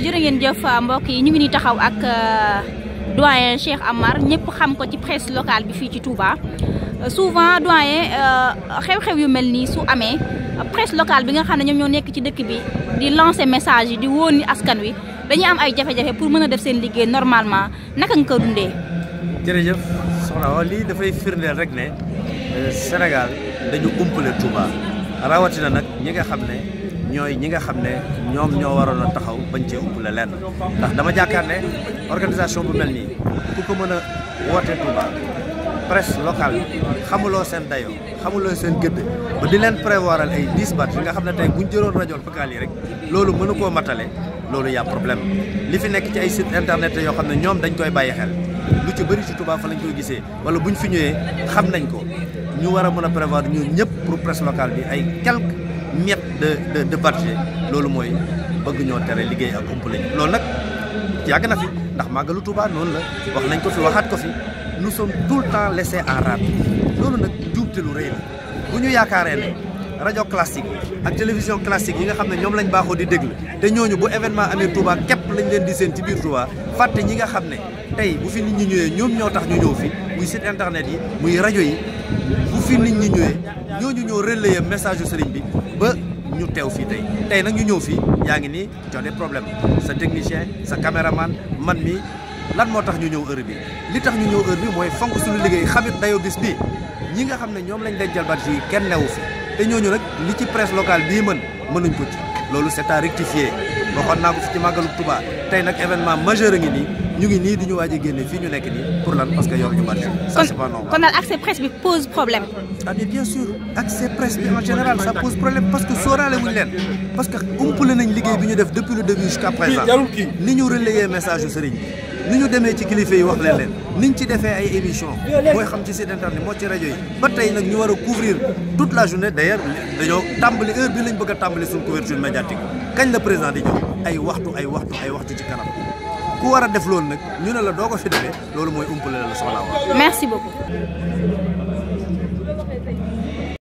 jërë ngeen jëf mbokk yi ñu ngi nii taxaw ak euh, doyen Cheikh Amar ñëpp xam ko ci presse locale bi fii ci Touba souvent doyen euh, xew-xew yu mel nii su amee presse locale bi nga xam ne ñoom ñoo nekk ci dëkk bi di lancer message yi di woon ni askan wi dañuy am ay jafe-jafe pour mën a def seen liggéey normalement naka nga ko dundee. jërëjëf soxna waaw lii dafay firndeel rek ne euh, Sénégal dañu umpale Touba rawatina nag ñi nga xam ne. ñooy ñi nga xam ne ñoom ñoo waroon a taxaw bañ cee ëpp la lenn ndax dama jàkkaar ne organisation bu mel nii ku ko mën a woote Touba presse locale bi xamuloo seen dayoo xamuloo seen gëdd ba di leen prévoiral ay dix bat yi nga xam ne tey buñ jëloon rajo locale yi rek loolu mënu koo matale loolu yaa problème li fi nekk ci ay site internet yoo xam ne ñoom dañ koy bàyyi xel lu ci bëri ci Touba fa lañ koy gisee wala buñ fi ñëwee xam nañ ko ñu war a mën a prévoir ñun ñëpp pour presse bi de de de budget loolu mooy bëgg ñoo tere liggéey ak umpale ñu loolu nag yàgg na fi ndax lu Tuubaa noonu la wax nañ ko fi waxaat ko fi nu sommes tout le temps laissés en rade loolu nag juumte lu rëy la bu ñu yaakaaree ne. rajo classique ak télévision classique yi nga xam ne ñoom lañ baaxoo di déglu te ñooñu bu événement amee Touba képp lañ leen di seen ci biir Touba fàtte ñi nga xam ne tey bu fi nit ñi ñëwee ñoom ñoo tax ñu ñëw fi muy site internet yi muy rajo yi bu nit ñi ñëwee ñooñu ñoo relayer message yu bi ñu teew fii tey tey nag ñu ñëw fii yaa ngi nii coono problème sa technicien sa caméraman man mi lan moo tax ñu ñëw heure bi li tax ñu ñëw heure bi mooy fonk suñu liggéey xamit dayoo bis bi ñi nga xam ne ñoom lañ dencal bat yi kenn newu fi te ñu nag li ci presse locale bii mën mënuñ ko ci loolu c'est à waxoon naa ko fi ci màggalu tey nag événement majeur a ngi nii ñu ngi nii di ñu waaj a génne fii ñu nekk nii pour lan parce que yor ñu bari ça c'est pas bi pose problème ah mais bien sûr accès presse parce que sóoraale wuñu leen parce que umpale liggéey bi ñu def depuis le début jusqu'à présent ni ñu relayer message yu sëriñ bi ni ñu demee ci kilifa yi wax leen leen niñ ci defee ay émission booy xam ci site internet moo ci rajo yi ba tey nag ñu war a couvrir toute la journée d'ailleurs dañoo tàmbali heure bi lañ bëgg a tàmbali ay waxtu ay waxtu ay waxtu ci kanam ku war a def loolu nag ñu ne la doo ko fi loolu mooy umpale la soxlaa wax merci beaucoup